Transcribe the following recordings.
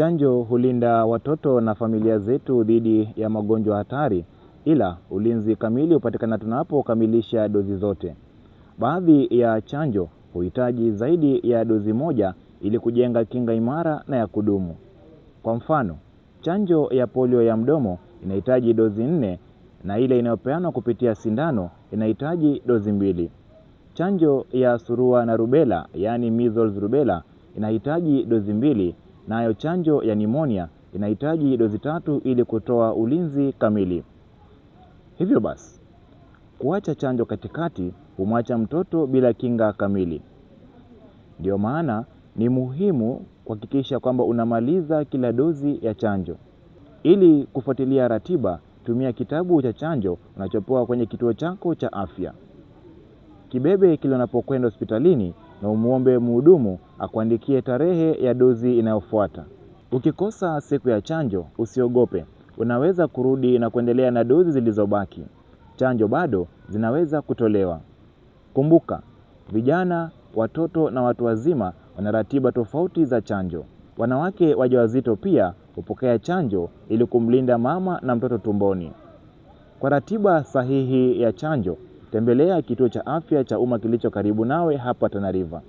Chanjo hulinda watoto na familia zetu dhidi ya magonjwa hatari, ila ulinzi kamili hupatikana tunapokamilisha dozi zote. Baadhi ya chanjo huhitaji zaidi ya dozi moja ili kujenga kinga imara na ya kudumu. Kwa mfano, chanjo ya polio ya mdomo inahitaji dozi nne na ile inayopeanwa kupitia sindano inahitaji dozi mbili. Chanjo ya surua na rubela, yaani measles rubela, inahitaji dozi mbili Nayo chanjo ya nimonia inahitaji dozi tatu ili kutoa ulinzi kamili. Hivyo basi, kuacha chanjo katikati humwacha mtoto bila kinga kamili. Ndiyo maana ni muhimu kuhakikisha kwamba unamaliza kila dozi ya chanjo. Ili kufuatilia ratiba, tumia kitabu cha chanjo unachopewa kwenye kituo chako cha afya. Kibebe kile unapokwenda hospitalini na umwombe mhudumu akuandikie tarehe ya dozi inayofuata. Ukikosa siku ya chanjo, usiogope, unaweza kurudi na kuendelea na dozi zilizobaki. Chanjo bado zinaweza kutolewa. Kumbuka, vijana, watoto na watu wazima wana ratiba tofauti za chanjo. Wanawake wajawazito pia hupokea chanjo ili kumlinda mama na mtoto tumboni. Kwa ratiba sahihi ya chanjo tembelea kituo cha afya cha umma kilicho karibu nawe hapa Tana River.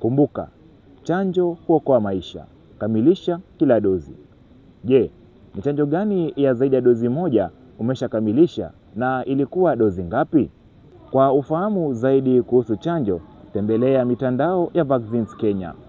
Kumbuka, chanjo huokoa maisha. Kamilisha kila dozi. Je, ni chanjo gani ya zaidi ya dozi moja umeshakamilisha na ilikuwa dozi ngapi? Kwa ufahamu zaidi kuhusu chanjo, tembelea mitandao ya Vaccines Kenya.